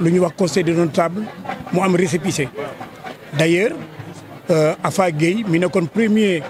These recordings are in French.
Le wax conseil de notables mu am récépissé D'ailleurs, euh, Afa Gueye mi le premier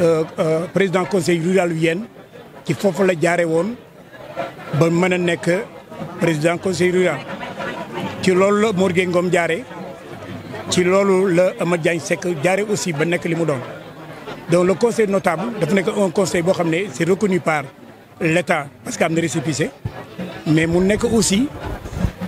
euh, euh, président conseil rural yu qui ci la jaare woon ba le président du président conseil rural ci loolu la Mor Gueye Ngom jaare ci loolu la Amath Diagne Seck aussi ba nekk li mu donc le conseil notable notables, nekk un conseil qui est c'est reconnu par l'État parce qu'il a na récépissé mais mu aussi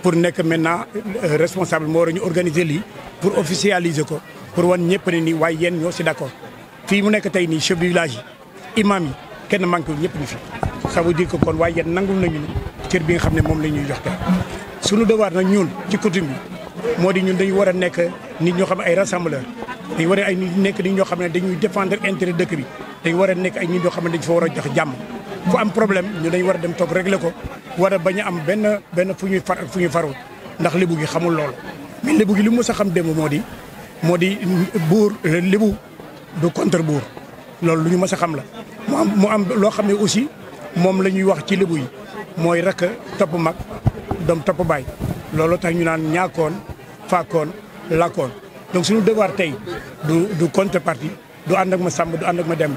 pour nek maintenant euh, responsable mo war ñu organiser li pour officialiser ko pour won ñepp ni nii waaye yéen ñoo ci d'accord fi mu nek tay ni chef du village imam yi kenn manqué ñepp ñu fi ça veut dire que kon way yéen nangul nañu cër bi nga xamne mom lañuy jox tey suñu devoir nak ñun ci coutume bi moo ñun dañu wara nek nit ñoo xam ay rassembleur dañu wara ay nit nekk nit ñoo xamne dañuy défendre intérêt dëkk bi dañu wara nek ay nit ñoo xamne dañu fa war jox jamm fu am problème ñu dañ war a dem toog régler ko war a bañ a am benn benn fu ñuy far fu ñu farul ndax libu gi xamul loolu mais libu gi li mu sa xam démb moo di moo di buur euh, libu du contre buur loolu lu ñu mës a xam la mu am mu am loo xam ne aussi moom la ñuy wax ci libu yi mooy rakk topp mag doom topp baay loolu tax ñu naan ñaakoon faakoon laakoon donc suñu devoir tey du du contrepartie du ànd ak ma sàmm du ànd ak ma dem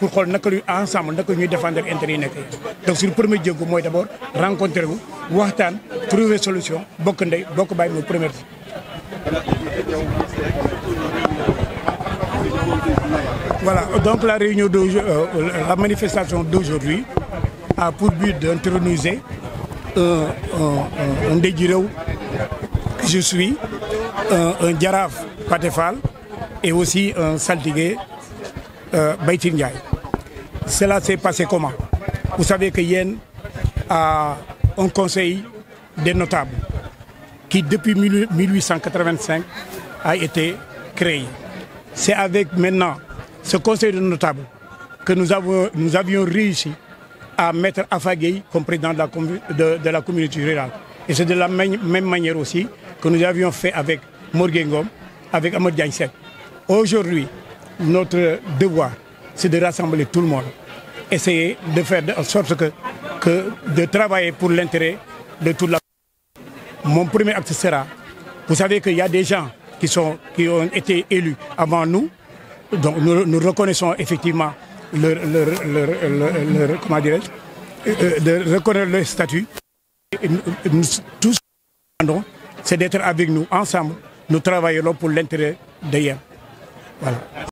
pour qu'on naka ensemble nous ñuy défendre intérêt donc le premier jour, que d'abord rencontrer vous, wu une trouver solution bokk ndey bokk bàyyi première voilà donc la réunion euh, manifestation d'aujourd'hui a pour but d'introniser un, un, je suis un, un Patefal, et aussi un saltigué euh, Cela s'est passé comment Vous savez que Yen a un conseil des notables qui, depuis 1885, a été créé. C'est avec maintenant ce conseil de notables que nous, avons, nous avions réussi à mettre Afagay comme président de la, de, la communauté rurale. Et c'est de la même, manière aussi que nous avions fait avec Morgengom, avec Amadou Aujourd'hui, notre devoir, c'est de rassembler tout le monde, essayer de faire en sorte que, que de travailler pour l'intérêt de toute la Mon premier acte sera, vous savez qu'il y a des gens qui, sont, qui ont été élus avant nous, donc nous, reconnaissons effectivement leur, comment euh, de reconnaître leur statut. ce nous, nous, tous, c'est d'être avec nous ensemble, nous travaillerons pour l'intérêt d'ailleurs. Voilà.